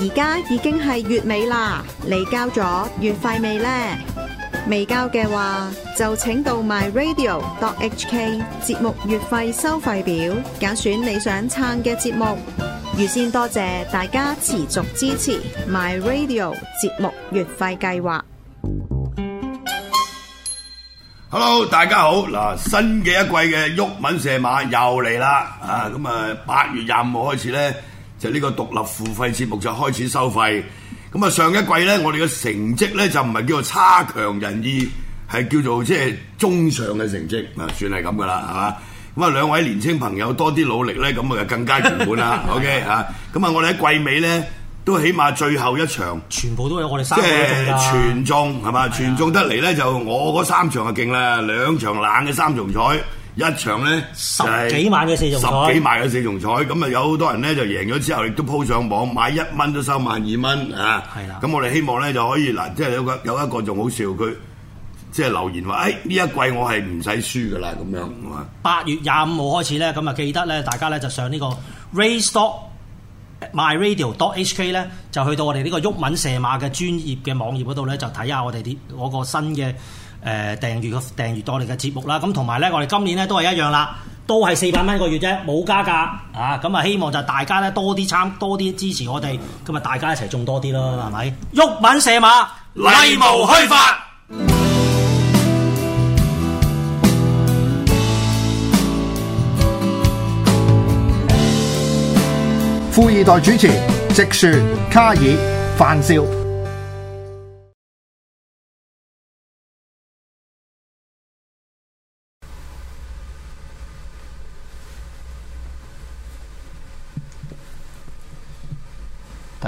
而家已經係月尾啦，你交咗月費未呢？未交嘅話，就請到 MyRadio.HK 節目月費收費表，揀選你想撐嘅節目。預先多謝大家持續支持 MyRadio 節目月費計劃。Hello，大家好，嗱新嘅一季嘅鬱文社馬又嚟啦啊！咁啊，八月廿五號開始咧。就呢個獨立付費節目就開始收費，咁啊上一季呢，我哋嘅成績呢，就唔係叫做差強人意，係叫做即係中上嘅成績啊，算係咁噶啦，係嘛？咁啊兩位年青朋友多啲努力呢，咁啊就更加圓滿啦。OK 啊，咁啊我哋喺季尾呢，都起碼最後一場，全部都有，我哋三場都中即全中係嘛？是啊、全中得嚟呢，就我嗰三場就勁啦，兩場冷嘅三重彩。 一場咧十幾萬嘅四重彩，十幾萬嘅四重彩，咁啊有好多人咧就贏咗之後，亦都鋪上網買一蚊都收萬二蚊啊！係啦，咁我哋希望咧就可以嗱，即係有個有一個仲好笑，佢即係留言話：，誒呢、哎、一季我係唔使輸㗎喇咁樣，八、啊、月廿五號開始咧，咁啊記得咧，大家咧就上個 my 呢個 raystockmyradio.hk 咧，就去到我哋呢個毓民射馬嘅專業嘅網頁嗰度咧，就睇下我哋啲我個新嘅。誒，訂閱個訂閱到我哋嘅節目啦，咁同埋咧，我哋今年咧都係一樣啦，都係四百蚊一個月啫，冇加價啊！咁啊，希望就大家咧多啲參，多啲支持我哋，咁啊，大家一齊種多啲咯，係咪？玉敏射馬，例無虛發。富易袋主持：直樹、卡爾、范少。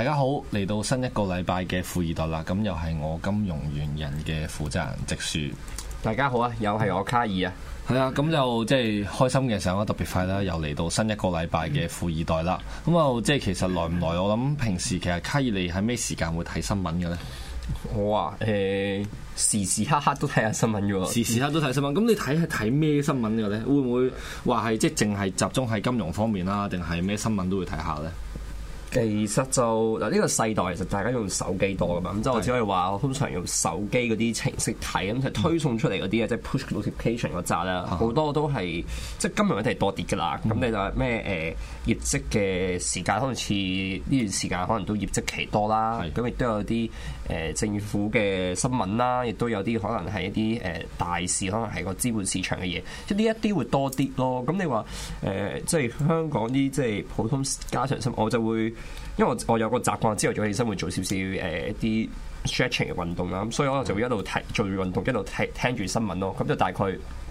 大家好，嚟到新一個禮拜嘅富易袋啦，咁又係我金融原人嘅負責人直樹。大家好啊，又係我卡爾啊，係啊，咁就即係開心嘅時候，特別快啦，又嚟到新一個禮拜嘅富易袋啦。咁、嗯、啊，即、嗯、係、嗯、其實耐唔耐？我諗平時其實卡爾嚟喺咩時間會睇新聞嘅呢？我啊，誒、欸，時時刻刻都睇下新聞嘅喎，時時刻都睇新聞。咁你睇睇咩新聞嘅呢？會唔會話係即係淨係集中喺金融方面啦，定係咩新聞都會睇下呢？其實就嗱呢、呢個世代，其實大家用手機多噶嘛，咁即係我只可以話，我通常用手機嗰啲程式睇，咁就推送出嚟嗰啲啊，即係 push notification 嗰扎啦，好多都係即係金融一定係多啲噶啦。咁、嗯、你就咩誒業績嘅時間，好似呢段時間可能都業績期多啦。咁亦是都有啲誒、呃、政府嘅新聞啦，亦都有啲可能係一啲誒大市，可能係、呃、個資本市場嘅嘢，即係呢一啲會多啲咯。咁你話誒、呃，即係香港啲即係普通家常新聞，我就會。因為我我有個習慣，朝頭早起身會做少少誒、呃、一啲 stretching 嘅運動啦，咁所以我就會一路睇做運動，一路聽聽住新聞咯。咁就大概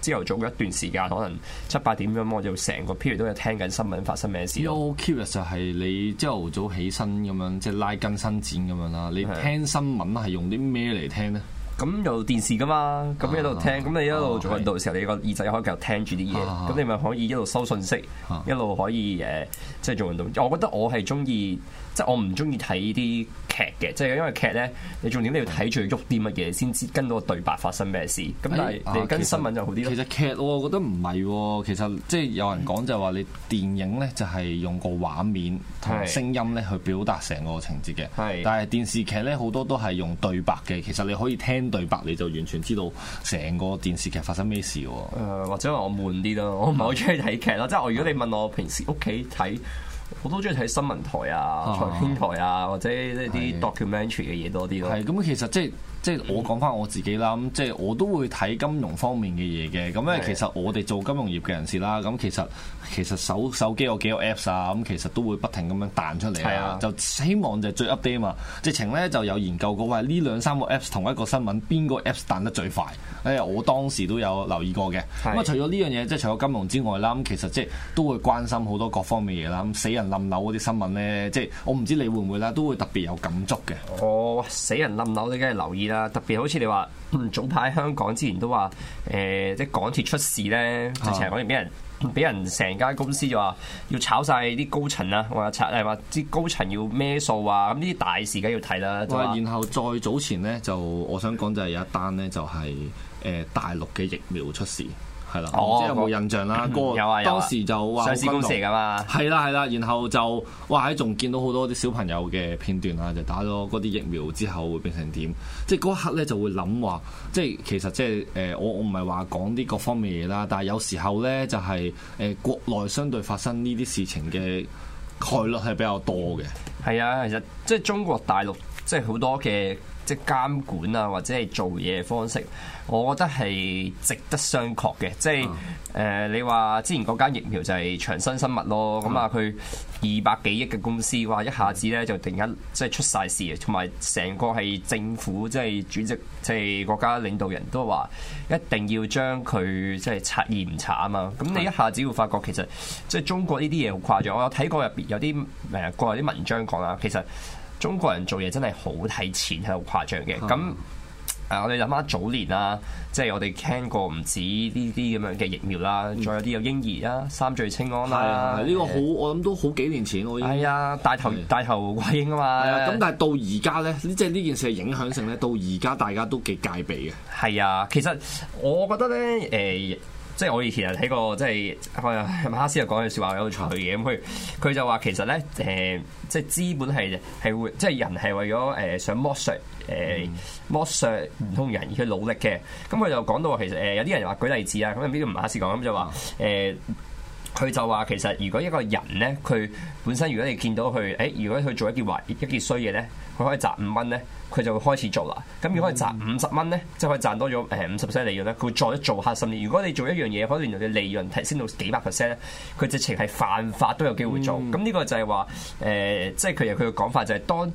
朝頭早一段時間，可能七八點咁，我就成個 period 都有聽緊新聞發生咩事。Hello 咁好 curious 嘅就係你朝頭早起身咁樣，即係拉筋伸展咁樣啦。你聽新聞係用啲咩嚟聽咧？咁有電視㗎嘛，咁一路聽，咁、啊、你一路做運動嘅時候，啊、你個耳仔可以繼續聽住啲嘢，咁、啊、你咪可以一路收信息，啊、一路可以誒，即係、啊就是、做運動。我覺得我係中意，即、就、係、是、我唔中意睇啲劇嘅，即係因為劇咧，你重點你要睇住喐啲乜嘢，先知跟到個對白發生咩事。咁、欸、但係你跟新聞就好啲咯。其實劇我覺得唔係，其實即係有人講就話你電影咧就係用個畫面同聲音咧去表達成個情節嘅。係，但係電視劇咧好多都係用對白嘅。其實你可以聽對白，你就完全知道成個電視劇發生咩事嘅。誒、呃，或者話我悶啲咯，我唔係好中意睇劇咯。即係我如果你問我平時屋企睇。我都中意睇新聞台啊、財經台啊，啊或者呢啲 documentary 嘅嘢多啲咯。係咁，其實即係。即係我講翻我自己啦，即係我都會睇金融方面嘅嘢嘅，咁因為其實我哋做金融業嘅人士啦，咁其實其實手手機有幾個 Apps 啊，咁其實都會不停咁樣彈出嚟啊，就希望就最 update 啊嘛。直情咧就有研究過話呢兩三個 Apps 同一個新聞，邊個 Apps 彈得最快？誒，我當時都有留意過嘅。咁啊，除咗呢樣嘢，即係除咗金融之外啦，咁其實即係都會關心好多各方面嘢啦。咁死人冧樓嗰啲新聞咧，即係我唔知你會唔會啦，都會特別有感觸嘅。哦，死人冧樓，你梗係留意。啊！特別好似你話，早排香港之前都話，誒、呃、啲港鐵出事咧，就成日講俾人俾人成間公司就話要炒晒啲高層啦，話炒，係嘛？啲高層要咩數啊？咁呢啲大事梗要睇啦。然後再早前咧，就我想講就係有一單咧，就係誒大陸嘅疫苗出事。係啦，即係、嗯嗯、有冇印象啦？嗰個當時就哇、啊，上市公司噶嘛，係啦係啦，然後就哇，仲見到好多啲小朋友嘅片段啊，就打咗嗰啲疫苗之後會變成點？即係嗰一刻咧就會諗話，即係其實即係誒，我我唔係話講啲各方面嘢啦，但係有時候咧就係誒，國內相對發生呢啲事情嘅概率係比較多嘅。係啊，其實即係中國大陸即係好多嘅。即係監管啊，或者係做嘢方式，我覺得係值得商榷嘅。即係誒、嗯呃，你話之前嗰間疫苗就係長生生物咯，咁啊佢二百幾億嘅公司話一下子咧就突然間即係出晒事，同埋成個係政府即係主席即係、就是、國家領導人都話一定要將佢即係拆嚴查啊嘛。咁你一下子會發覺其實即係中國呢啲嘢好誇張。我有睇過入邊有啲誒國內啲文章講啊，其實。中國人做嘢真係好睇錢係好誇張嘅，咁誒、嗯、我哋諗下早年啦，即、就、係、是、我哋傾過唔止呢啲咁樣嘅疫苗啦，再有啲有嬰兒啊三聚氰胺啦，係呢、嗯這個好的我諗都好幾年前咯，係啊大頭的大頭怪嬰啊嘛，咁但係到而家咧，即係呢件事嘅影響性咧，到而家大家都幾戒備嘅。係啊，其實我覺得咧，誒、呃。即係我以前睇過，即係馬克思又講句説話有趣嘅，咁佢佢就話其實咧，誒、呃、即係資本係係會即係人係為咗誒、呃、想剝削誒剝削唔、呃、同人而去努力嘅。咁佢就講到其實，誒、呃、有啲人又話舉例子啊，咁邊個馬克思講，咁就話誒，佢就話其實如果一個人咧，佢本身如果你見到佢誒、呃、如果佢做一件壞一件衰嘢咧，佢可以賺五蚊咧。佢就會開始做啦。咁如果係賺五十蚊咧，即可以賺多咗誒五十 percent 利潤咧，佢再做黑心啲。如果你做一樣嘢，可能原來嘅利潤提升到幾百 percent 咧，佢直情係犯法都有機會做。咁呢、嗯、個就係話誒，即係佢用佢嘅講法就係，當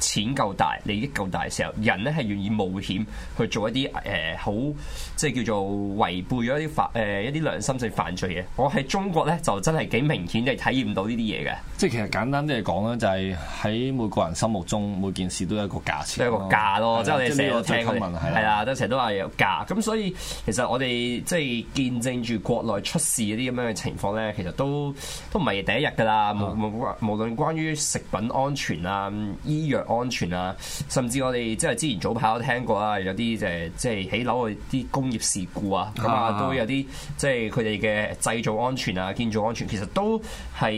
錢夠大、利益夠大嘅時候，人咧係願意冒險去做一啲誒好。呃即係叫做違背咗一啲犯誒一啲良心性犯罪嘅，我喺中國咧就真係幾明顯地體驗到呢啲嘢嘅。即係其實簡單啲嚟講咧，就係喺每個人心目中每件事都有一個價錢，都有個價咯。即係我哋成日聽佢，係啦，即係成日都話有價。咁所以其實我哋即係見證住國內出事嗰啲咁樣嘅情況咧，其實都都唔係第一日噶啦。嗯、無無無論關於食品安全啊、醫藥安全啊，甚至我哋即係之前早排都聽過啦，有啲就誒即係起樓嗰啲工業事故啊，咁啊都有啲即係佢哋嘅製造安全啊、建造安全，其實都係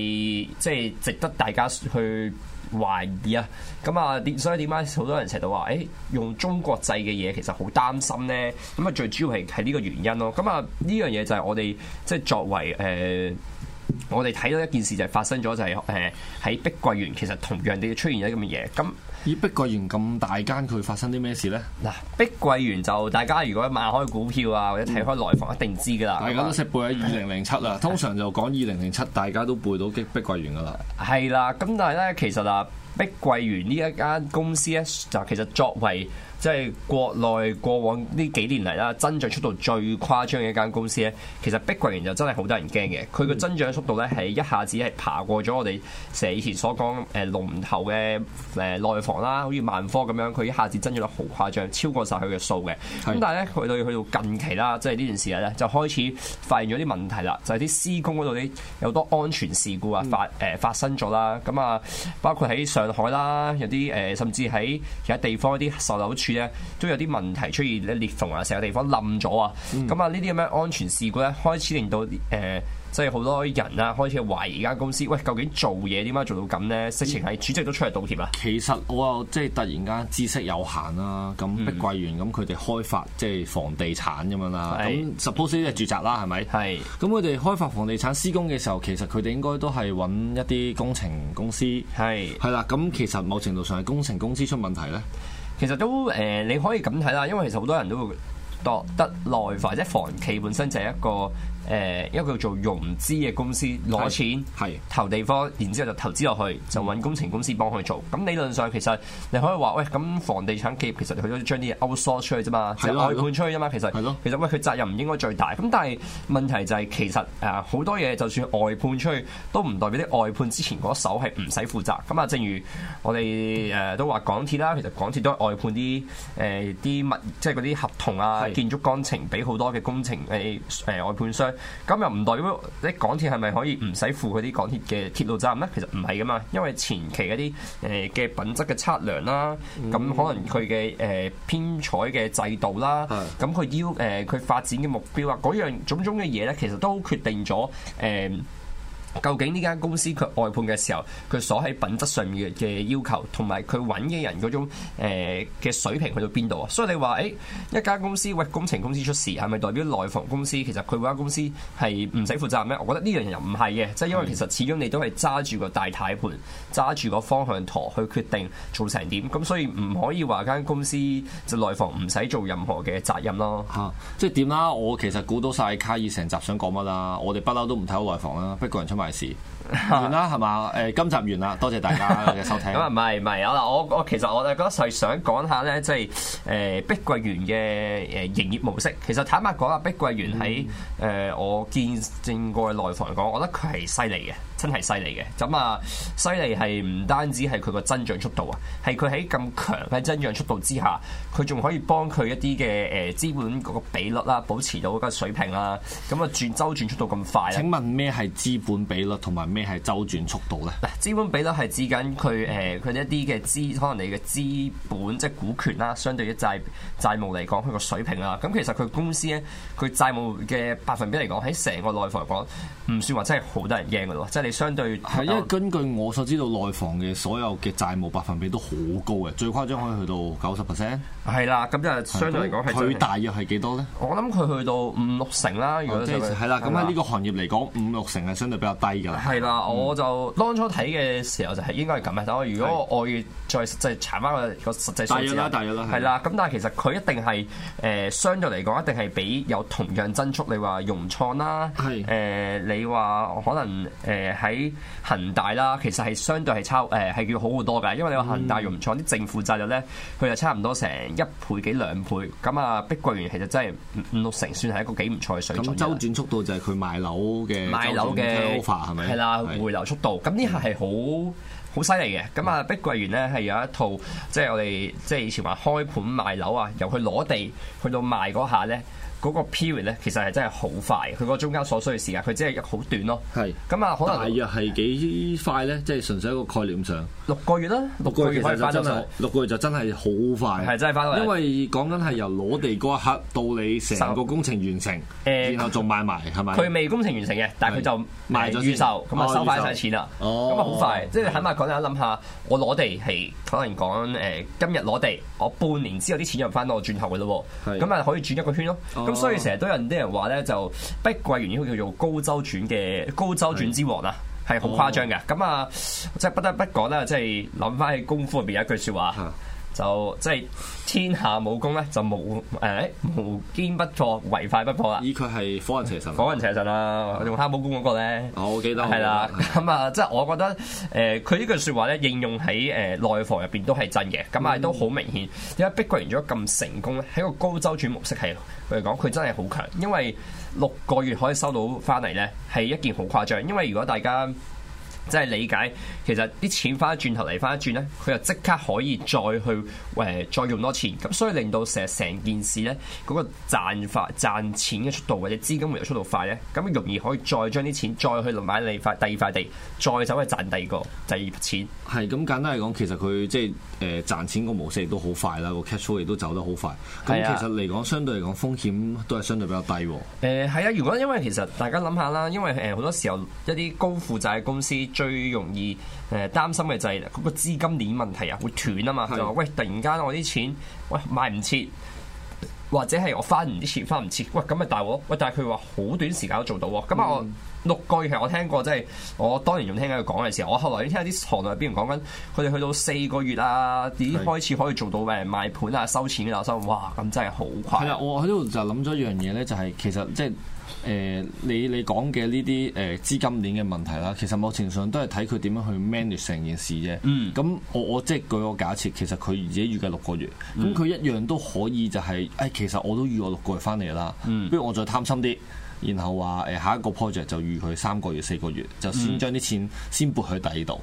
即係值得大家去懷疑啊。咁啊，所以點解好多人成日都話，誒、欸，用中國製嘅嘢其實好擔心咧？咁啊，最主要係係呢個原因咯。咁啊，呢樣嘢就係我哋即係作為誒、呃，我哋睇到一件事就係發生咗、就是，就係誒喺碧桂園，其實同樣地出現咗咁嘅嘢咁。依碧桂園咁大間，佢會發生啲咩事呢？嗱，碧桂園就大家如果買開股票啊，或者睇開內房，一定知噶啦。大家都識背喺二零零七啦，是的 通常就講二零零七，大家都背到碧桂園噶啦。係啦，咁但係呢，其實啊，碧桂園呢一間公司呢，就其實作為。即係國內過往呢幾年嚟啦，增長速度最誇張嘅一間公司咧，其實碧桂園就真係好多人驚嘅。佢個增長速度咧，係一下子係爬過咗我哋成以前所講誒龍頭嘅誒內房啦，好似萬科咁樣，佢一下子增長得好誇張，超過晒佢嘅數嘅。咁的但係咧，佢到去到近期啦，即係呢段時間咧，就開始發現咗啲問題啦，就係、是、啲施工嗰度啲有多安全事故啊發誒、嗯呃、發生咗啦。咁啊，包括喺上海啦，有啲誒、呃、甚至喺其他地方一啲售樓，咧都有啲問題出現咧，裂縫啊，成個地方冧咗啊。咁啊，呢啲咁嘅安全事故咧，開始令到誒，即係好多人啊，開始懷疑間公司。喂，究竟做嘢點解做到咁咧？直情係主席都出嚟道歉啊。其實我啊，即係突然間知識有限啦、啊。咁碧桂園咁佢哋開發即係房地產咁樣啦、啊。咁 suppose 呢啲係住宅啦、啊，係咪？係。咁佢哋開發房地產施工嘅時候，其實佢哋應該都係揾一啲工程公司。係是。係啦，咁其實某程度上係工程公司出問題咧。其實都誒、呃，你可以咁睇啦，因為其實好多人都會覺得內化，即房企本身就係一個。誒，因為佢做融資嘅公司攞錢，係對投地方，然之後就投資落去，就揾工程公司幫佢做。咁理論上其實你可以話，喂，咁房地產企業其實佢都將啲嘢 outsource 出去啫嘛，就咯外判出去啫嘛。其實，其實喂，佢責任唔應該最大。咁但係問題就係、係、其實誒好多嘢，就、呃、算外判出去，都唔代表啲外判之前嗰手係唔使負責。咁啊，正如我哋誒都話港鐵啦，其實港鐵都係外判啲誒啲物，即係嗰啲合同啊、對咯 建築工程俾好多嘅工程誒誒外判商。呃呃呃呃呃呃咁又唔代表啲港鐵係咪可以唔使負嗰啲港鐵嘅鐵路責任咧？其實唔係㗎嘛，因為前期嗰啲誒嘅品質嘅測量啦，咁、嗯、可能佢嘅誒編採嘅制度啦，咁佢、嗯、要誒佢、呃、發展嘅目標啊，嗰樣種種嘅嘢咧，其實都決定咗誒。呃究竟呢間公司佢外判嘅時候，佢所喺品質上面嘅要求，同埋佢揾嘅人嗰種誒嘅、呃、水平去到邊度啊？所以你話誒、欸、一間公司喂、呃、工程公司出事，係咪代表內房公司其實佢嗰間公司係唔使負責咩？我覺得呢樣嘢又唔係嘅，即係因為其實始終你都係揸住個大軚盤揸住個方向舵去決定做成點，咁所以唔可以話間公司就內房唔使做任何嘅責任咯。吓、啊，即係點啦？我其實估到晒卡爾成集想講乜啦，我哋不嬲都唔睇好內房啦，不過。人事 完啦，係嘛？誒、呃，今集完啦，多謝大家嘅收聽。咁啊、 嗯，唔係唔係啊嗱，我我其實我覺得，係想講下咧，即係誒碧桂園嘅誒營業模式。其實坦白講啊，碧桂園喺誒我見證過嘅內房嚟講，我覺得佢係犀利嘅。真係犀利嘅，咁啊犀利係唔單止係佢個增長速度啊，係佢喺咁強嘅增長速度之下，佢仲可以幫佢一啲嘅誒資本嗰個比率啦、啊，保持到嗰個水平啦、啊，咁啊轉周轉速度咁快。請問咩係資本比率同埋咩係周轉速度咧？嗱，資本比率係指緊佢誒佢一啲嘅資，可能你嘅資本即係股權啦、啊，相對於債債務嚟講佢個水平啦、啊。咁其實佢公司咧，佢債務嘅百分比嚟講喺成個內房嚟講，唔算話真係好多人驚噶喎，即係你。相對係，因為根據我所知道內房嘅所有嘅債務百分比都好高嘅，最誇張可以去到九十 percent。係啦，咁就相對嚟講，佢大約係幾多咧？我諗佢去到五六成啦。如果係啦，咁喺呢個行業嚟講，五六成係相對比較低㗎啦。係啦，我就當初睇嘅時候就係應該係咁嘅，但如果我再即係查翻個個實際,上實際大約啦，大約啦，係啦。咁但係其實佢一定係誒相對嚟講一定係比有同樣增速，你話融創啦，係誒是、呃、你話可能誒。呃喺恒大啦，其實係相對係差誒係叫好好多嘅，因為你話恒大用唔錯啲正負債率咧，佢就差唔多成一倍幾兩倍。咁、嗯、啊，碧桂園其實真係五六成算係一個幾唔錯嘅水準。咁、嗯、周轉速度就係佢賣樓嘅賣樓嘅係咪？係啦吧，回流速度，咁呢下係好好犀利嘅。咁啊，碧、嗯嗯、桂園咧係有一套，即、就、係、是、我哋即係以前話開盤賣樓啊，由佢攞地去到賣嗰下咧。嗰個 period 咧，其實係真係好快。佢個中間所需嘅時間，佢只係好短咯。係。咁啊，可能大約係幾快咧？即係純粹一個概念上。六個月啦，六個月可以返到數，六個月就真係好快。係真係返到數。因為講緊係由攞地嗰一刻到你成個工程完成，誒，然後仲賣埋係咪？佢未工程完成嘅，但係佢就賣咗預售，咁啊收翻晒錢啦。哦。咁啊好快，即係肯話講緊諗下，我攞地係可能講誒今日攞地，我半年之後啲錢又翻到我轉頭嘅咯喎。咁啊可以轉一個圈咯。所以成日都有啲人話咧，就碧桂園應該叫做高周轉嘅高周轉之王啊，係好誇張嘅。咁、哦、啊，即係不得不講啦，即係諗翻喺功夫入邊有一句説話。嗯就即係天下武功咧，就無誒、哎、無堅不摧，唯快不破啊！以佢係火雲邪神，火雲邪神啦，用蛤蟆功嗰個咧、哦，我記得係啦。咁啊的，即係我覺得誒，佢呢句説話咧，應用喺誒內房入邊都係真嘅。咁啊、嗯，都好明顯，因為碧桂園做咗咁成功咧，喺個高周轉模式係嚟講，佢真係好強，因為六個月可以收到翻嚟咧，係一件好誇張。因為如果大家，即係理解，其實啲錢翻一轉頭嚟翻一轉咧，佢又即刻可以再去誒、呃、再用多錢，咁所以令到成成件事咧嗰、那個賺法賺錢嘅速度或者資金回流速度快咧，咁容易可以再將啲錢再去買第二第二塊地，再走去賺第二個第二筆錢。係咁簡單嚟講，其實佢即係誒賺錢個模式亦都好快啦，個 cash flow 亦都走得好快。咁其實嚟講，相對嚟講風險都係相對比較低。誒係啊，如果因為其實大家諗下啦，因為誒好、呃、多時候一啲高負債公司。最容易誒擔心嘅就係嗰個資金鏈問題啊，會斷啊嘛。佢話是 喂，突然間我啲錢，喂賣唔切，或者係我翻唔啲錢翻唔切，喂咁咪大鑊。喂，但係佢話好短時間都做到喎，咁啊我。嗯六個月其實我聽過，即、就、係、是、我當年仲聽緊佢講嘅時候，我後來呢聽下啲行內邊人講緊，佢哋去到四個月啊，點開始可以做到誒賣盤啊收錢嘅投資？哇！咁真係好快。係啊，我喺呢度就諗咗一樣嘢咧，就係其實即係誒你你講嘅呢啲誒資金鏈嘅問題啦，其實某程度上都係睇佢點樣去 manage 成件事啫。咁、嗯、我我即係舉個假設，其實佢自己預計六個月，咁佢、嗯、一樣都可以就係、是、誒、哎，其實我都預我六個月翻嚟啦。嗯、不如我再貪心啲。然後話誒下一個 project 就預佢三個月四個月，嗯、就先將啲錢先撥去第二度，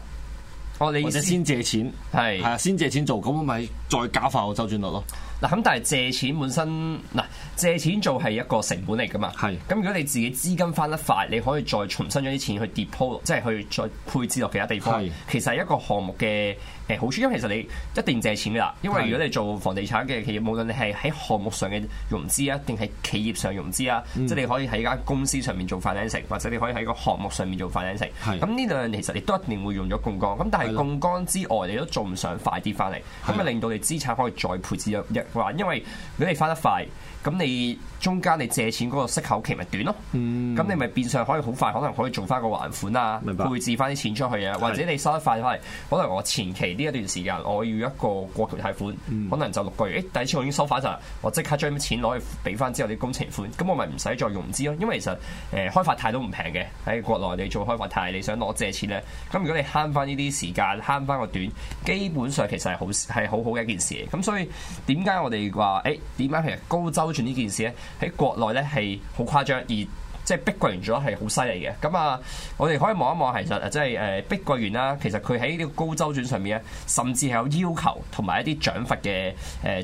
哦、你或者先借錢係係啊，的的先借錢做，咁咪再加快個周轉率咯。嗱咁但係借錢本身嗱借錢做係一個成本嚟噶嘛。係咁是的 如果你自己資金翻得快，你可以再重新將啲錢去 deposit，即係去再配置落其他地方。是的 其實係一個項目嘅。誒好處，因為其實你一定借錢㗎喇，因為如果你做房地產嘅企業，無論你係喺項目上嘅融資啊，定係企業上融資啊，嗯、即係你可以喺間公司上面做發債承，或者你可以喺個項目上面做發債承。係。咁呢兩樣其實你都一定會用咗槓桿，咁但係槓桿之外，你都做唔上快啲翻嚟，咁啊令到你資產可以再配置一一環，因為如果你翻得快。咁你中間你借錢嗰個息口期咪短咯，咁、嗯、你咪變相可以好快，可能可以做翻個還款啊，白配置翻啲錢出去啊，或者你收得快翻嚟，是可能我前期呢一段時間我要一個過橋貸款，嗯、可能就六個月，第一次我已經收翻就，我即刻將啲錢攞去俾翻之後啲工程款，咁我咪唔使再融資咯，因為其實誒、呃、開發貸都唔平嘅，喺國內你做開發貸，你想攞借錢咧，咁如果你慳翻呢啲時間慳翻個短，基本上其實係好係好好嘅一件事，咁所以點解我哋話誒點解其實高周呢件事咧喺國內咧係好誇張，而即係碧桂園做得係好犀利嘅。咁啊，我哋可以望一望，其實即係誒碧桂園啦，其實佢喺呢個高周轉上面咧，甚至係有要求同埋一啲獎罰嘅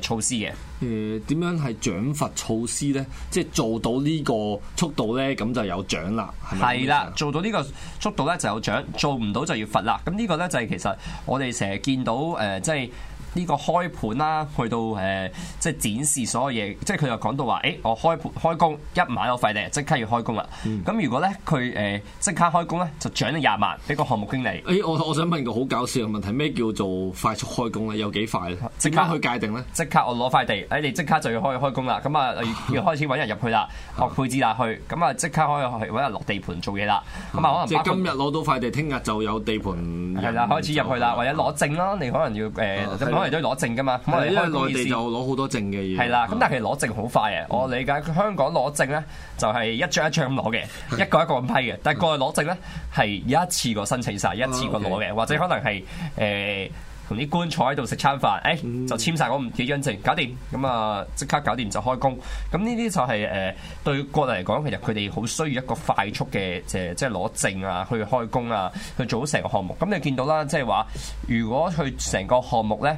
誒措施嘅。誒點、呃、樣係獎罰措施咧？即係做到呢個速度咧，咁就有獎啦。係啦，做到呢個速度咧就有獎，做唔到就要罰啦。咁呢個咧就係、是、其實我哋成日見到誒、呃，即係。呢個開盤啦，去到誒，即係展示所有嘢，即係佢就講到話，誒，我開盤開工一買我塊地，即刻要開工啦。咁如果咧，佢誒即刻開工咧，就獎你廿萬俾個項目經理。誒，我我想問個好搞笑嘅問題，咩叫做快速開工咧？有幾快即刻去界定咧？即刻我攞塊地，誒，你即刻就要開開工啦。咁啊，要要開始揾人入去啦，學配置啦去。咁啊，即刻可以揾人落地盤做嘢啦。咁啊，可能即係今日攞到塊地，聽日就有地盤。係啦，開始入去啦，或者攞證啦。你可能要誒。我哋都攞證噶嘛，咁我哋因為內地就攞好多證嘅嘢，係啦。咁但係其實攞證好快嘅，嗯、我理解香港攞證咧就係一張一張咁攞嘅，嗯、一個一個咁批嘅。但係過去攞證咧係一次過申請晒，嗯、一次過攞嘅，啊 okay、或者可能係誒。呃同啲官坐喺度食餐飯，誒、欸、就簽晒我嗰幾張證，搞掂咁啊！即刻搞掂就開工。咁呢啲就係、是、誒、呃、對國人嚟講，其實佢哋好需要一個快速嘅即係攞證啊，去開工啊，去做好成個項目。咁、嗯、你見到啦，即係話如果去成個項目咧，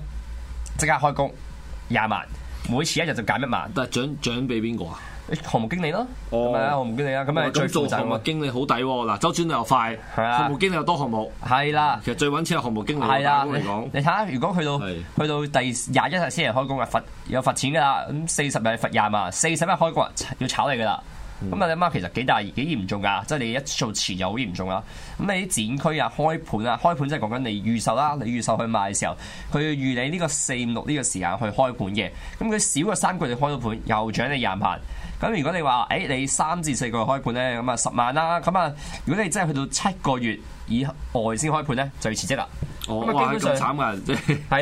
即刻開工廿萬，每次一日就減一萬，但係獎獎俾邊個啊？項目經理咯，係啊，項目經理啊，咁啊最做項目經理好抵喎，嗱，周轉又快，項目經理又、哦、多項目，係啦的、嗯，其實最搵錢嘅項目經理嚟講的。你睇下，如果去到的去到第廿一日先嚟開工啊，罰有罰錢噶啦，咁四十日罰廿萬，四十日開工要炒你噶啦。咁啊，你阿媽其實幾大幾嚴重噶，即係你一做遲就好嚴重啦。咁你啲展區啊，開盤啊，開盤即係講緊你預售啦，你預售去賣嘅時候，佢要預你呢個四五六呢個時間去開盤嘅。咁佢少個三個月開到盤，又獎你廿萬。咁如果你話，誒、欸、你三至四個月開盤咧，咁啊十萬啦。咁啊，如果你真係去到七個月以外先開盤咧，就要辭職啦。咁、哦、基本上係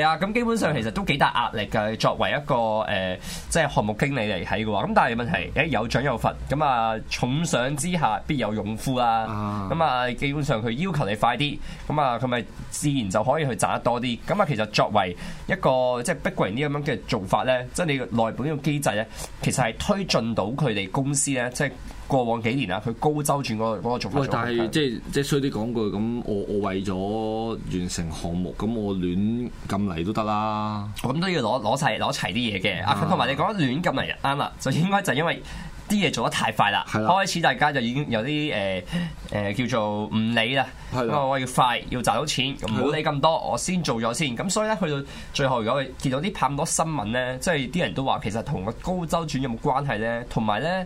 啊，咁、 啊、基本上其實都幾大壓力嘅，作為一個誒，即係項目經理嚟睇嘅話，咁但係問題誒有獎有罰，咁啊重賞之下必有勇夫啊。咁啊，啊基本上佢要求你快啲，咁啊佢咪自然就可以去賺得多啲，咁啊其實作為一個即係碧桂園啲咁樣嘅做法咧，即、就、係、是、你內部呢個機制咧，其實係推進到佢哋公司咧，即係。過往幾年啦，佢高周轉嗰嗰個做法做。喂，但係即即衰啲講句咁，我我為咗完成項目，咁我亂咁嚟都得啦、啊。我咁都要攞攞曬攞齊啲嘢嘅啊！同埋你講亂咁嚟啱啦，就應該就因為啲嘢做得太快啦。的開始大家就已經有啲誒誒叫做唔理啦，因為的我要快要賺到錢，唔好理咁多，的我先做咗先。咁所以咧，去到最後，如果見到呢排咁多新聞咧，即係啲人都話其實同個高周轉有冇關係咧，同埋咧。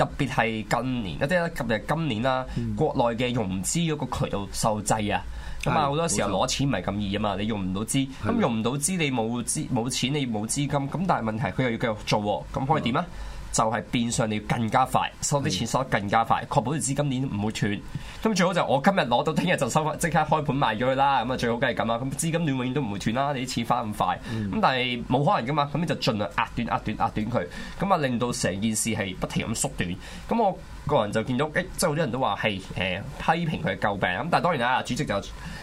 特別係近年，一啲咧特別係今年啦，嗯、國內嘅融資嗰個渠道受制啊，咁啊好多時候攞錢唔係咁易啊嘛，你用唔到資，咁冇錯 用唔到資，你資，你冇資冇錢，你冇資，資金，咁但係問題佢又要繼續做喎，咁可以點啊？就係變相你要更加快收啲錢，收得更加快，確保啲資金鏈唔會斷。咁最好就我今日攞到，聽日就收翻，即刻開盤賣咗佢啦。咁啊最好梗係咁啦。咁資金鏈永遠都唔會斷啦。你啲錢花咁快，咁但係冇可能噶嘛。咁你就儘量壓短、壓短、壓短佢。咁啊令到成件事係不停咁縮短。咁我個人就見到，誒即係好多人都話係誒批評佢嘅詬病。咁但係當然啦，主席就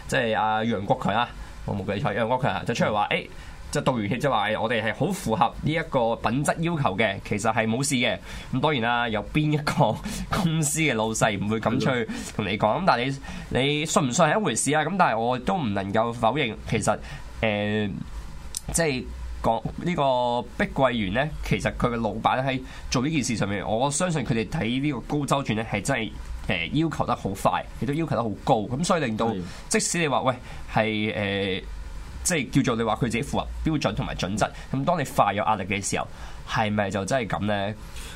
即係阿楊國強啦，我冇記錯，楊國強就出嚟話誒。欸就讀完嘅就話，我哋係好符合呢一個品質要求嘅，其實係冇事嘅。咁當然啦，有邊一個公司嘅老細唔會咁出去同你講。咁但係你你信唔信係一回事啊？咁但係我都唔能夠否認，其實誒、呃、即係講呢個碧桂園咧，其實佢嘅老闆喺做呢件事上面，我相信佢哋睇呢個高周轉咧，係真係誒要求得好快，亦都要求得好高。咁所以令到即使你話喂係誒。即係叫做你話佢自己符合標準同埋準則，咁當你快有壓力嘅時候，係咪就真係咁咧？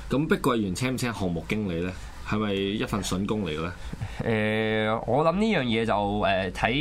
咁碧桂園請唔請項目經理咧？係咪一份筍工嚟嘅咧？誒、呃，我諗呢樣嘢就誒睇、呃，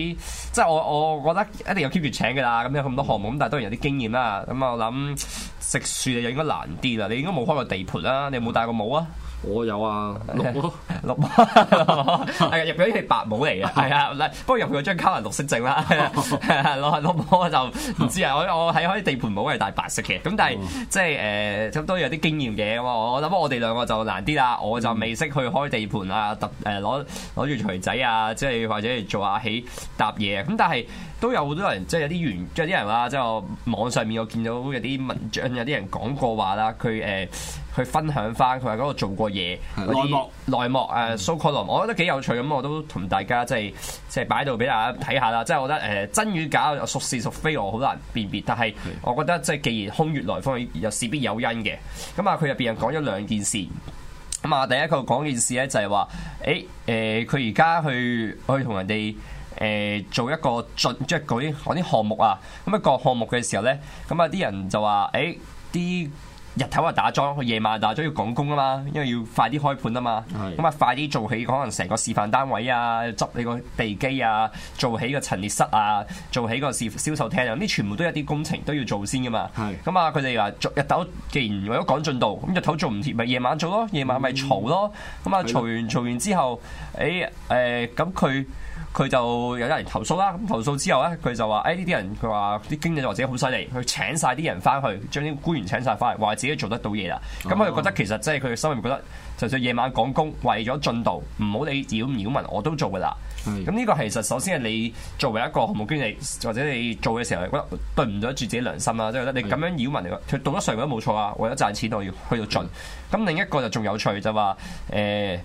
即係我我覺得一定有 keep 住請噶啦。咁有咁多項目，咁但係當然有啲經驗啦。咁啊，我諗直樹就應該難啲啦。你應該冇開過地盤啦，你有冇戴過帽啊？我有啊，綠帽。綠帽係啊，入咗啲係白帽嚟嘅，係啊，嗱，不過入去我張卡係綠色證啦，攞 帽我 我，我就唔知啊，我我睇開地盤帽係大白色嘅，咁但係即係誒都有啲經驗嘅咁啊，我諗我哋兩個就難啲啦，我就未識去開地盤啊，突誒攞攞住錘仔啊，即、呃、係或者做下起搭嘢，咁但係都有好多人即係有啲原有啲人啦，即係網上面我見到有啲文章有啲人講過話啦，佢誒。呃去分享翻佢喺嗰度做過嘢，內幕內幕誒，so called、嗯 uh，我覺得幾有趣咁，我都同大家即係即係擺到俾大家睇下啦。即係我覺得誒真與假，孰是孰非，我好難辨別。但係我覺得即係既然空穴來風，又事必有因嘅。咁啊，佢入邊又講咗兩件事。咁啊，第一個講件事咧就係話，誒、欸、誒，佢而家去去同人哋誒、呃、做一個進即係嗰啲嗰啲項目啊。咁啊，講項目嘅時候咧，咁啊啲人就話，誒、欸、啲。日頭話打樁，佢夜晚打樁要趕工啊嘛，因為要快啲開盤啊嘛。咁啊是，快啲做起可能成個示範單位啊，執你個地基啊，做起個陳列室啊，做起個市銷售廳啊，呢啲全部都有啲工程都要先做先噶嘛。咁啊是，佢哋話日頭既然為咗趕進度，咁日頭做唔掂咪夜晚做咯，夜晚咪嘈咯。咁啊、嗯，嘈、嗯、完嘈完之後，誒誒咁佢。呃呃佢就有人投訴啦，咁投訴之後咧，佢就話，誒呢啲人，佢話啲經理或者好犀利，佢請晒啲人翻去，將啲官員請曬翻嚟，話自己做得到嘢啦。咁佢就覺得其實即係佢心入面覺得，就算夜晚趕工，為咗進度，唔好你擾唔擾民，我都做㗎啦。咁呢、嗯、個其實首先係你作為一個項目經理或者你做嘅時候，覺得對唔得住自己良心啦，即、就、係、是、覺得你咁樣擾民佢動、嗯、得上邊都冇錯啊，為咗賺錢都要去到盡。咁、嗯、另一個就仲有趣就話、是，誒、呃。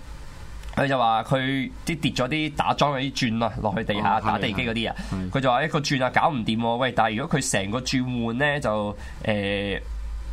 佢就話佢啲跌咗啲打樁嗰啲轉啊落去地下、哦、打地基嗰啲啊，佢、嗯、就話一個轉啊搞唔掂喎，喂！但係如果佢成個轉換咧就誒、呃、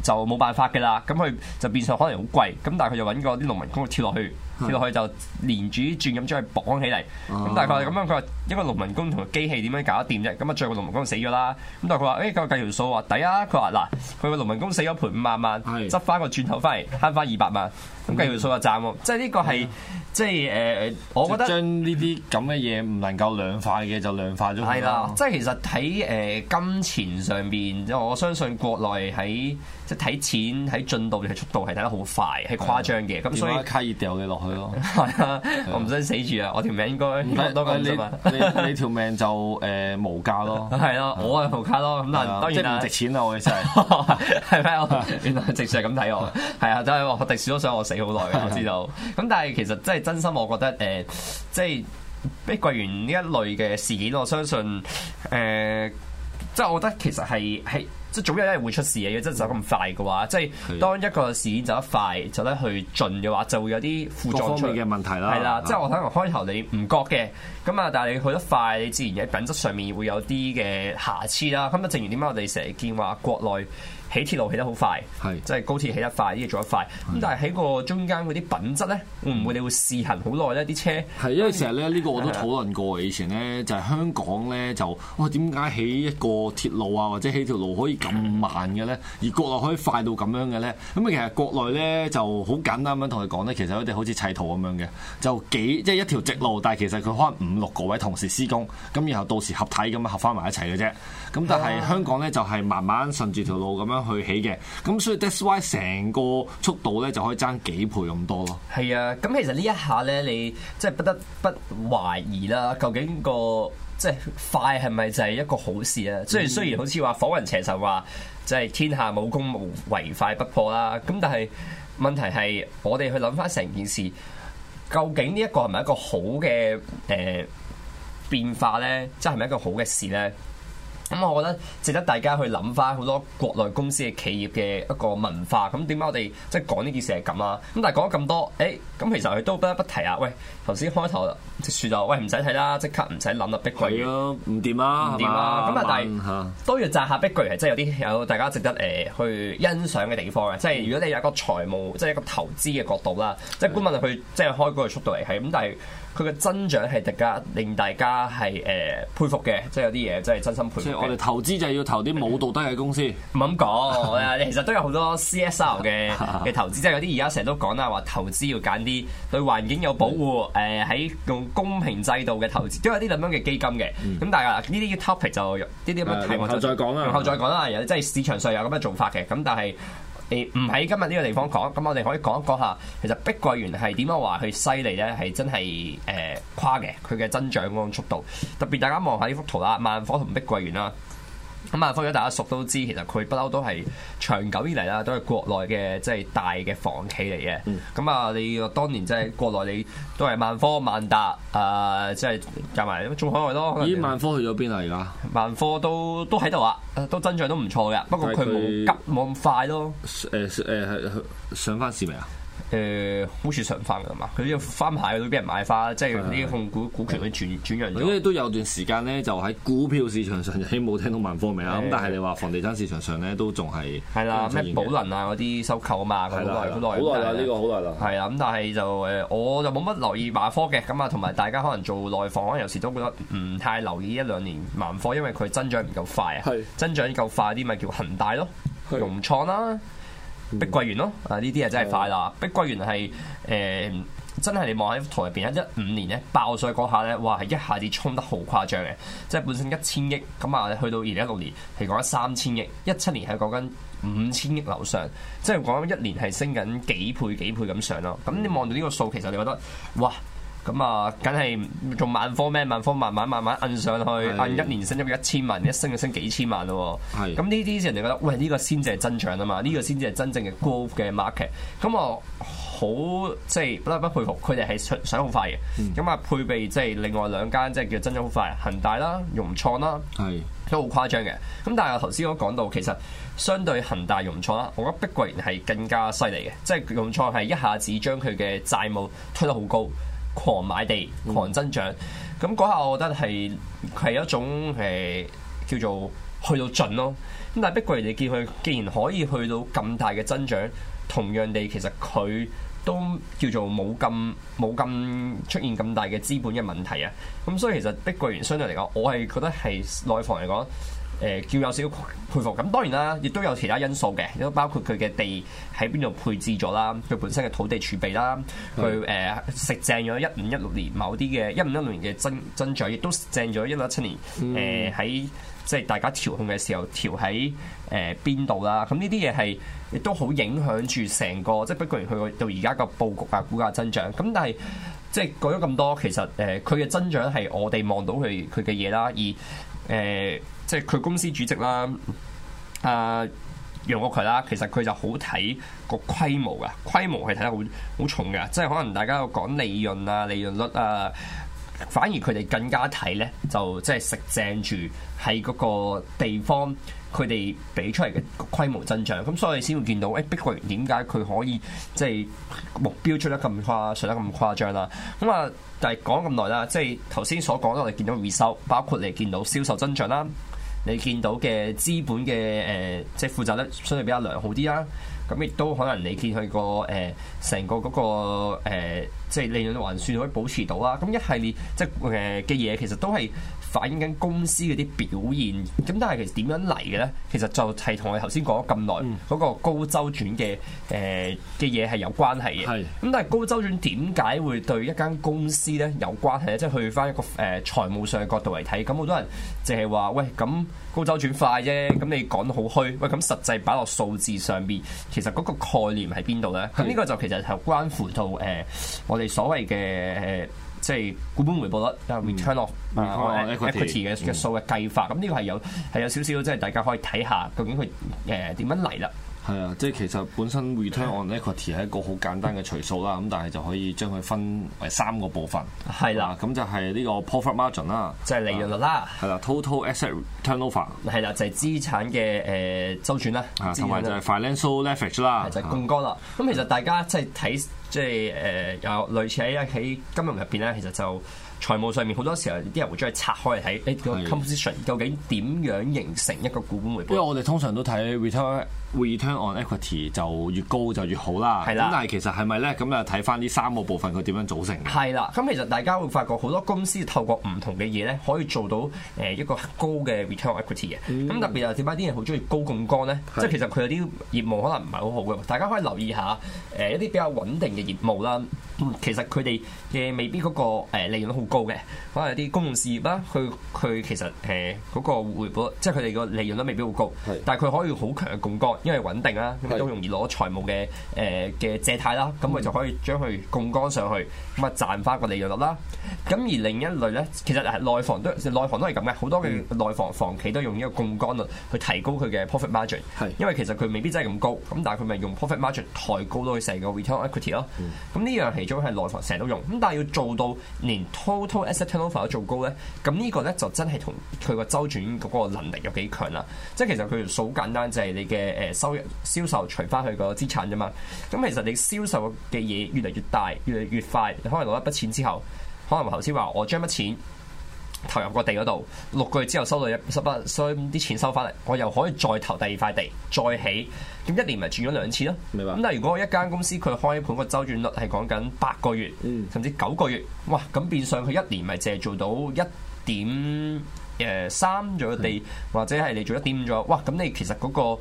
就冇辦法嘅啦，咁佢就變相可能好貴，咁但係佢就揾個啲農民工跳落去。跳落去就連住轉咁將佢綁起嚟，咁但係佢咁樣佢話一個農民工同個機器點樣搞得掂啫？咁啊最後農民工死咗、欸啊、啦，咁但係佢話：，誒個計條數話抵啊！佢話嗱，佢個農民工死咗賠五萬萬，執翻個轉頭翻嚟慳翻二百萬，咁、嗯、計條數啊賺喎！即係呢個係、嗯、即係誒，呃、就我覺得將呢啲咁嘅嘢唔能夠量化嘅就量化咗。係啦，即係其實喺誒金錢上邊，我相信國內喺。即係睇錢，喺進度，嘅速度係睇得好快，係誇張嘅。咁所以刻意掉你落去咯。係啊， 我唔想死住啊！我條命應該多你你條命就誒、呃、無價咯。係咯、 啊，啊、我係無價咯。咁但係當然啦，唔值錢啊！我嘅真係係咩？ 吧 原來直樹咁睇我係啊！真係 我迪士都想我死好耐我知道。咁 但係其實真係真心，我覺得誒、呃，即係碧桂園呢一類嘅事件，我相信誒、呃，即係我覺得其實係係。即係總有一日會出事嘅，如果真走咁快嘅話，即係當一個事件走得快、走得去盡嘅話，就會有啲副作用出嚟，各方面嘅問題啦。係啦，即係我可能開頭你唔覺嘅，咁啊，但係你去得快，你自然喺品質上面會有啲嘅瑕疵啦。咁啊，正如點解我哋成日見話國內起鐵路起得好快，係是即係高鐵起得快，呢嘢做得快。咁是但係喺個中間嗰啲品質咧，會唔會你會試行好耐咧啲車？係的因為成日咧呢、嗯、個我都討論過是的 以前咧，就係、是、香港咧就哇點解起一個鐵路啊或者起條路可以咁慢嘅咧，而國內可以快到咁樣嘅咧？咁、嗯、啊其實國內咧就好簡單咁樣同你講咧，其實佢哋好似砌圖咁樣嘅，就幾即係、就是、一條直路，但係其實佢可能五六個位同時施工，咁然後到時合體咁樣合翻埋一齊嘅啫。咁但係香港咧就係、是、慢慢順住條路咁樣。去起嘅，咁所以 that's why 成個速度咧就可以爭幾倍咁多咯。係啊，咁其實呢一下咧，你即係不得不懷疑啦，究竟個即係快係咪就係一個好事啊？雖然、嗯、雖然好似話火雲邪神話，即係天下武功無為快不破啦。咁但係問題係，我哋去諗翻成件事，究竟呢一個係咪一個好嘅誒變化咧？即係係咪一個好嘅事咧？咁我覺得值得大家去諗返好多國內公司嘅企業嘅一個文化。咁點解我哋即係講呢件事係咁啊？咁但係講咗咁多，誒，咁其實佢都不得不提啊。喂，頭先開頭直樹就說，喂唔使睇啦，即刻唔使諗啦，碧桂園。係咯，唔掂啊，唔掂啊。咁啊，吧但係都要摘下碧桂園係真係有啲有大家值得誒去欣賞嘅地方嘅。即係如果你有一個財務，即係一個投資嘅角度啦，的即係觀望佢即係開股嘅速度係點，但係。佢嘅增長係突然間令大家係誒、呃、佩服嘅，即係有啲嘢真係真心佩服。所以我哋投資就係要投啲冇道德嘅公司，唔咁講啊！其實都有好多 CSR 嘅嘅投資，即係有啲而家成日都講啦，話投資要揀啲對環境有保護誒，喺是、呃、用公平制度嘅投資，都有啲咁樣嘅基金嘅。咁、嗯、但係呢啲 topic 就呢啲咁嘅題目就，再講啦，然後再講啦，嗯、即係市場上有咁嘅做法嘅，咁但係。唔喺今日呢個地方講，咁我哋可以講一講一下，其實碧桂園係點樣話佢犀利呢？係真係誒誇嘅，佢嘅增長嗰種速度，特別大家望下呢幅圖啦，萬科同碧桂園啦。咁啊，萬科而家大家熟都知，其實佢不嬲都係長久以嚟啦，都係國內嘅即係大嘅房企嚟嘅。咁啊，你當年即係國內你都係萬科、萬達啊，即係夾埋做海外咯。咦，萬科去咗邊啊？而家萬科都都喺度啊，都增長都唔錯嘅，不過佢冇急冇咁他快咯、呃。誒、呃、誒、呃，上翻市未啊？誒、呃、好似上翻㗎嘛，佢呢個翻牌會俾人買返，即係啲控股股權都轉轉讓咗。咁你都有段時間咧，就喺股票市場上希望冇聽到萬科未啦。咁但係你話房地產市場上咧都仲係係啦，咩寶能啊嗰啲收購啊嘛，好耐好耐啦，呢是個好耐啦。係啊，咁但係就誒，我就冇乜留意萬科嘅咁啊。同埋大家可能做內房有陣時，都覺得唔太留意一兩年萬科，因為佢增長唔夠快啊。的增長夠快啲咪叫恒大咯，融創啦。碧桂園咯，啊呢啲啊真係快啦！嗯、碧桂園係誒真係你望喺幅圖入邊，一五年咧爆水嗰下咧，哇係一下子衝得好誇張嘅，即係本身一千億，咁啊去到二零一六年係講緊三千億，一七年係講緊五千億樓上，即係講一年係升緊幾倍幾倍咁上咯。咁你望到呢個數，其實你覺得哇～咁啊，梗係做萬科咩？萬科慢慢慢慢摁上去，是的 按一年升咗一千萬，一升就升幾千萬咯。係咁呢啲，人哋覺得，喂，呢個先至係增長啊嘛，呢個先至係真正嘅 growth 嘅 market、嗯。咁啊、嗯，好即係不得不佩服佢哋係上上好快嘅。咁啊、嗯，配備即係另外兩間即係叫增長好快，恒大啦、融創啦，係是的 都好誇張嘅。咁、嗯、但係我頭先講到，其實相對恒大、融創啦，我覺得碧桂園係更加犀利嘅，即係融創係一下子將佢嘅債務推得好高。狂買地、狂增長，咁嗰下，嗯，我覺得係係一種誒叫做去到盡咯。咁但係碧桂園你見佢既然可以去到咁大嘅增長，同樣地其實佢都叫做冇咁冇咁出現咁大嘅資本嘅問題啊。咁所以其實碧桂園相對嚟講，我係覺得係內房嚟講。誒、呃、叫有少少佩服咁，當然啦，亦都有其他因素嘅，都包括佢嘅地喺邊度配置咗啦，佢本身嘅土地儲備啦，佢誒、嗯呃、食正咗一五一六年某啲嘅一五一六年嘅增增長，亦都正咗一六一七年誒喺即係大家調控嘅時候調喺誒邊度啦。咁呢啲嘢係亦都好影響住成個即係不過，而佢到而家個佈局啊，股價增長咁，但係即係講咗咁多，其實誒佢嘅增長係我哋望到佢佢嘅嘢啦，而誒。呃即係佢公司主席啦，阿、啊、楊國強啦，其實佢就好睇個規模㗎，規模係睇得好好重㗎。即係可能大家講利潤啊、利潤率啊，反而佢哋更加睇咧，就即係食正住喺嗰個地方佢哋俾出嚟嘅規模增長。咁所以先會見到誒碧桂園點解佢可以即係目標出得咁誇、上得咁誇張啦。咁啊，但係講咁耐啦，即係頭先所講，我哋見到 result，包括你見到銷售增長啦。你見到嘅資本嘅誒、呃，即係負責率相對比較良好啲啦。咁、啊、亦都可能你見佢個誒，成、呃、個嗰、那個、呃、即係利潤還算可以保持到啦。咁、啊、一系列即係誒嘅嘢，呃、其實都係。反映緊公司嗰啲表現，咁但係其實點樣嚟嘅咧？其實就係同我哋頭先講咗咁耐嗰個高周轉嘅誒嘅嘢係有關係嘅。咁係但係高周轉點解會對一間公司咧有關係咧？即係去翻一個誒、呃、財務上嘅角度嚟睇，咁好多人就係話：喂，咁高周轉快啫，咁你講得好虛。喂，咁實際擺落數字上邊，其實嗰個概念喺邊度咧？咁呢的個就其實係關乎到誒、呃、我哋所謂嘅。呃呃即係股本回報率、return on equity 嘅嘅數嘅計法，咁呢個係有係有少少，即係大家可以睇下究竟佢誒點樣嚟啦。係啊，即係其實本身 return on equity 係一個好簡單嘅除數啦，咁但係就可以將佢分為三個部分。係啦，咁就係呢個 profit margin 啦，即係利潤率啦。係啦，total asset turnover 啦，就係資產嘅誒週轉啦，同埋就係 financial leverage 啦，就係槓桿啦。咁其實大家即係睇。即係誒、呃，有類似喺喺金融入邊咧，其實就。財務上面好多時候，啲人會將佢拆開睇，誒是個 composition 究竟點樣形成一個股本回報？因為我哋通常都睇 return，return on equity 就越高就越好啦。咁的但係其實係咪咧？咁啊睇翻呢三個部分佢點樣組成？係啦。咁其實大家會發覺好多公司透過唔同嘅嘢咧，可以做到誒一個高嘅 return on equity 嘅、嗯。咁特別又點解啲人好中意高槓桿咧？的即係其實佢有啲業務可能唔係好好嘅。大家可以留意一下誒一啲比較穩定嘅業務啦。嗯、其實佢哋嘅未必嗰個利潤好。高嘅，可能有啲公共事業啦，佢佢其實誒嗰、呃那個回報，即係佢哋個利潤率未必好高，是但係佢可以好強嘅槓桿，因為穩定啦，啊是，都容易攞財務嘅誒嘅借貸啦，咁佢就可以將佢槓桿上去，咁啊賺翻個利潤率啦。咁而另一類咧，其實係內，內房都內房都係咁嘅，好多嘅內房房企都用呢個槓桿率去提高佢嘅 profit margin，是因為其實佢未必真係咁高，咁但係佢咪用 profit margin 抬高到佢成個 return equity 咯、啊。咁呢、嗯、樣其中係內房成日都用，咁但係要做到連普通 asset turnover 做高咧，咁呢個咧就真係同佢個周轉嗰個能力有幾強啦。即係其實佢數好簡單，就係、是、你嘅誒收入、銷售除翻佢個資產啫嘛。咁其實你銷售嘅嘢越嚟越大，越嚟越快，你可能攞一筆錢之後，可能頭先話我將筆錢，投入個地嗰度六個月之後收到一十八，所以啲錢收翻嚟，我又可以再投第二塊地再起，咁一年咪轉咗兩次咯。明白。咁，但係如果一間公司佢開盤個周轉率係講緊八個月，嗯、甚至九個月，哇！咁變相佢一年咪淨係做到一點誒三左右地，嗯、或者係你做一點五左右，哇！咁你其實嗰、那個誒、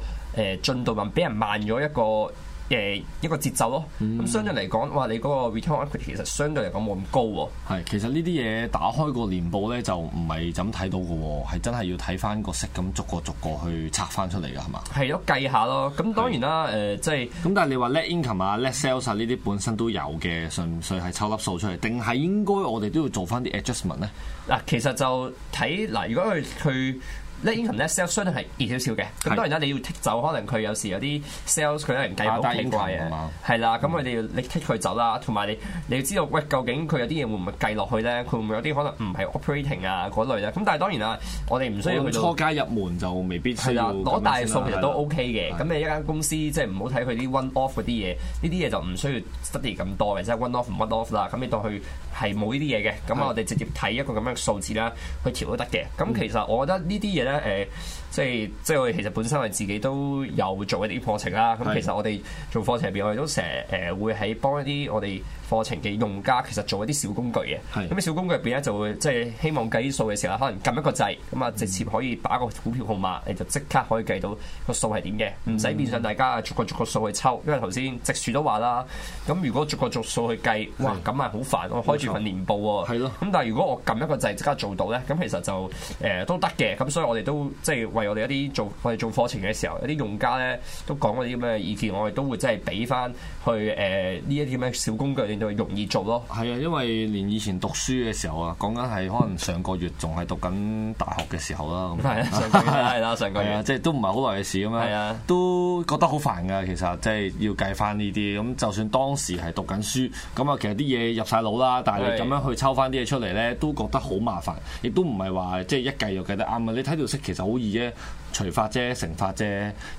呃、進度咪俾人慢咗一個誒一個節奏咯，咁、嗯、相對嚟講，哇！你嗰個 return equity 其實相對嚟講冇咁高喎。係，其實呢啲嘢打開個年報咧就唔係咁睇到嘅喎，係真係要睇翻個息咁逐個逐個去拆翻出嚟㗎，係嘛？係咯，計下咯。咁當然啦，誒的，即係咁。就是、但係你話 let income 啊，let、uh, sales 啊，呢啲本身都有嘅，純粹係抽粒數出嚟，定係應該我哋都要做翻啲 adjustment 咧？嗱，其實就睇嗱，如果佢佢。咧 income 咧 sales 相對係熱少少嘅，咁的當然啦，你要剔走，可能佢有時有啲 sales 佢可能計唔到，怪怪嘅，係啦的，咁佢哋要你剔佢走啦，同埋、嗯、你你要知道喂，究竟佢有啲嘢會唔會計落去咧？佢會唔會有啲可能唔係 operating 啊嗰類咧？咁但係當然啊，我哋唔需要去初階入門就未必係啦，攞大數其實都 OK 嘅。咁了的你一間公司即係唔好睇佢啲 one off 嗰啲嘢，呢啲嘢就唔需要 study 咁多嘅，即係 one off 唔 one off 啦。咁你當去。係冇呢啲嘢嘅，咁我哋直接睇一個咁樣數字啦，去調都得嘅。咁其實我覺得呢啲嘢咧，誒、呃。即係即係我哋其實本身係自己都有做一啲課程啦，咁是的 其實我哋做課程入邊，我哋都成日誒會喺幫一啲我哋課程嘅用家，其實做一啲小工具嘅。咁啲是的 小工具入邊咧，就會即係希望計啲數嘅時候，可能撳一個掣，咁啊直接可以把一個股票號碼，嗯、你就即刻可以計到個數係點嘅，唔使變相大家逐個逐個數去抽。因為頭先直樹都話啦，咁如果逐個逐個數去計，是的 哇咁係好煩，沒錯 我開住份年報喎、哦。係咯。咁但係如果我撳一個掣即刻做到咧，咁其實就誒、呃、都得嘅。咁所以我哋都即係我哋一啲做我哋做課程嘅時候，一啲用家咧都講我哋啲咩意見，我哋都會即係俾翻去誒呢一啲咩小工具，令到容易做咯。係啊，因為連以前讀書嘅時候啊，講緊係可能上個月仲係讀緊大學嘅時候啦。係、嗯嗯、啊，係啦，上個月係 啊，即、就、係、是、都唔係好耐嘅事咁啊。係啊、就是，都覺得好煩㗎。其實即係要計翻呢啲咁，就算當時係讀緊書，咁啊其實啲嘢入晒腦啦。但係你咁樣去抽翻啲嘢出嚟咧，都覺得好麻煩，亦都唔係話即係一計就計得啱啊！你睇條式其實好易啫。除法啫，乘法啫，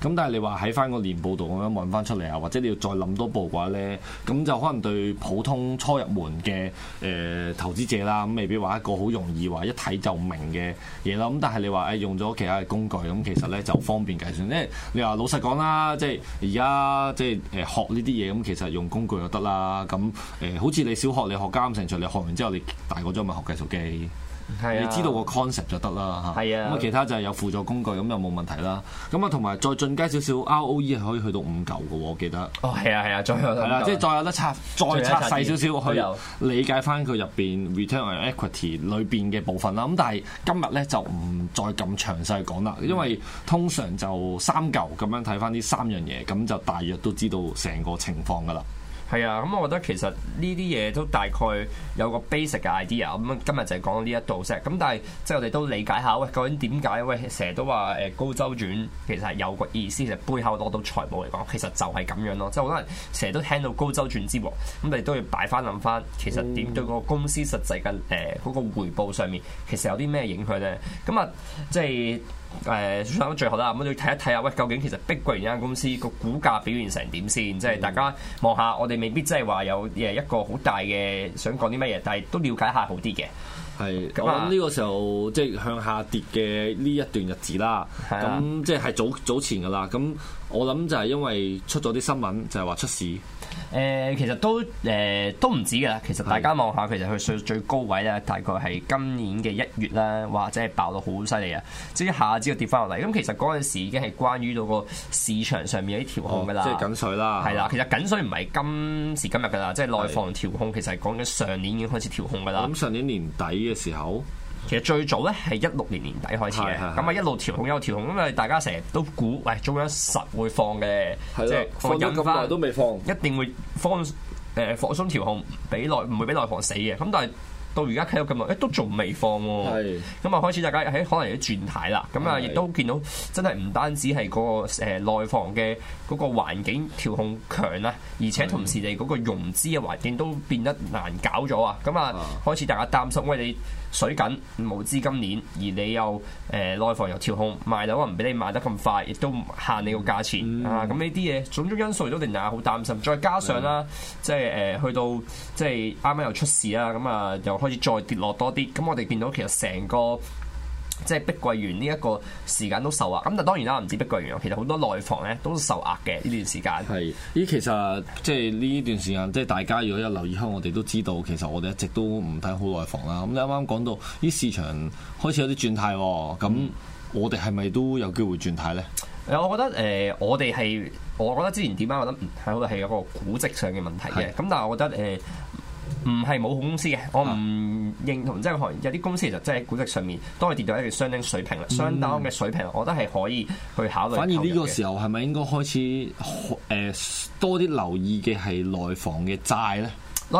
咁但係你話喺翻個年報度咁樣搵翻出嚟啊，或者你要再諗多步嘅話呢，咁就可能對普通初入門嘅誒、呃、投資者啦，咁、嗯、未必話一個好容易話一睇就明嘅嘢啦。咁但係你話誒、哎、用咗其他嘅工具，咁其實呢就方便計算。即、就、係、是、你話老實講啦，即係而家即係誒學呢啲嘢，咁其實用工具就得啦。咁誒、呃，好似你小學你學加減乘除，你學完之後你大個咗咪學計數機？你知道個 concept 就得啦嚇，咁啊其他就係有輔助工具咁又冇問題啦。咁啊同埋再進階少少 ROE 係可以去到五舊嘅喎，我記得。哦，係啊係啊，再、啊、有係啦、啊，即係再有得拆，再拆細少少去理解翻佢入邊 return on equity 裏邊嘅部分啦。咁但係今日咧就唔再咁詳細講啦，因為通常就三舊咁樣睇翻呢三樣嘢，咁就大約都知道成個情況嘅啦。係啊，咁、嗯、我覺得其實呢啲嘢都大概有個 basic 嘅 idea、嗯。咁今日就係講到呢一度先。咁但係即係我哋都理解下，喂究竟點解？喂成日都話誒、欸、高周轉其實係有個意思，其實背後攞到財務嚟講，其實就係咁樣咯。即係好多人成日都聽到高周轉之王，咁我哋都要擺翻諗翻，其實點對個公司實際嘅誒嗰個回報上面其實有啲咩影響咧？咁、嗯、啊、嗯，即係。誒，最後啦，咁你要睇一睇啊！喂，究竟其實碧桂園間公司個股價表現成點先？即係、嗯、大家望下，我哋未必真係話有誒一個好大嘅想講啲乜嘢，但係都了解下好啲嘅。係，我諗呢個時候即係、就是、向下跌嘅呢一段日子啦。咁即係係早早前㗎喇。咁我諗就係因為出咗啲新聞，就係、是、話出事。誒、呃，其實都誒、呃，都唔止噶啦。其實大家望是的 下，其實佢最最高位咧，大概係今年嘅一月啦，或者係爆到好犀利啊！即係一下子又跌翻落嚟。咁其實嗰陣時已經係關於到個市場上面有啲調控噶啦、哦，即係緊水啦。係啦，其實緊水唔係今時今日噶啦，即係內房調控，是的 其實係講緊上年已經開始調控噶啦。咁上年年底嘅時候。其實最早咧係一六年年底開始嘅，咁啊是一路調控一路調控咁啊，大家成日都估喂中央實會放嘅，即係放緊翻都未放，一定會放誒的放鬆、呃、調控，俾內唔會俾內房死嘅。咁但係到而家企咗咁耐，誒都仲未放喎。咁啊，開始大家喺可能有啲轉態啦。咁啊，亦都見到真係唔單止係嗰個誒內房嘅嗰個環境調控強啦，而且同時你嗰個融資嘅環境都變得難搞咗啊。咁啊，開始大家擔心喂你。水緊冇資金鏈，而你又誒、呃、內房又調控賣樓，唔俾你賣得咁快，亦都唔限你個價錢、嗯、啊！咁呢啲嘢，種種因素都令大家好擔心。再加上啦、嗯呃，即係誒去到即係啱啱又出事啦，咁啊又開始再跌落多啲。咁我哋見到其實成個。即係碧桂園呢一個時間都受壓，咁但係當然啦，唔止碧桂園，其實好多內房咧都受壓嘅呢段時間。係，咦，其實即係呢段時間，即係大家如果有留意開，我哋都知道，其實我哋一直都唔睇好內房啦。咁你啱啱講到啲市場開始有啲轉態喎，咁我哋係咪都有機會轉態咧？誒，我覺得誒、呃，我哋係，我覺得之前點解覺得唔睇好係一個估值上嘅問題嘅，咁但係我覺得誒。的唔係冇好公司嘅，我唔認同即係、嗯、有啲公司其實真係估值上面都係跌到一個相應水平啦，嗯、相當嘅水平，我覺得係可以去考慮。反而呢個時候係咪應該開始誒、呃、多啲留意嘅係內房嘅債咧？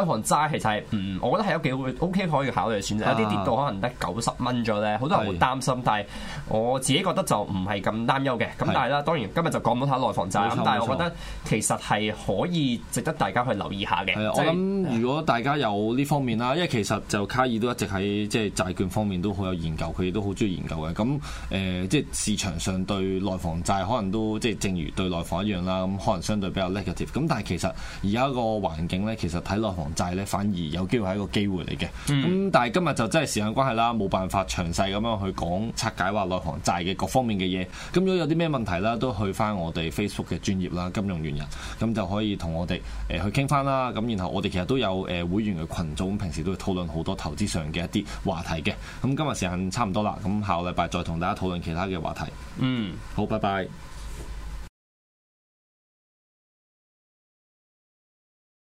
內房債其實係，嗯，我覺得係有幾 OK 可以考慮選擇。有啲跌到可能得九十蚊咗咧，好多人會擔心，是但係我自己覺得就唔係咁擔憂嘅。咁但係啦，是當然今日就講到下內房債，咁錯但係我覺得其實係可以值得大家去留意下嘅。錯就是、我諗如果大家有呢方面啦，因為其實就卡爾都一直喺即係債券方面都好有研究，佢亦都好中意研究嘅。咁誒、呃，即係市場上對內房債可能都即係正如對內房一樣啦，咁可能相對比較 negative。咁但係其實而家個環境咧，其實睇內房，債咧、嗯、反而有機會係一個機會嚟嘅，咁但係今日就真係時間關係啦，冇辦法詳細咁樣去講拆解或內房債嘅各方面嘅嘢。咁如果有啲咩問題啦，都去翻我哋 Facebook 嘅專業啦，金融員人咁就可以同我哋誒、呃、去傾翻啦。咁然後我哋其實都有誒、呃、會員嘅群組，咁平時都會討論好多投資上嘅一啲話題嘅。咁今日時間差唔多啦，咁下個禮拜再同大家討論其他嘅話題。嗯，好，拜拜。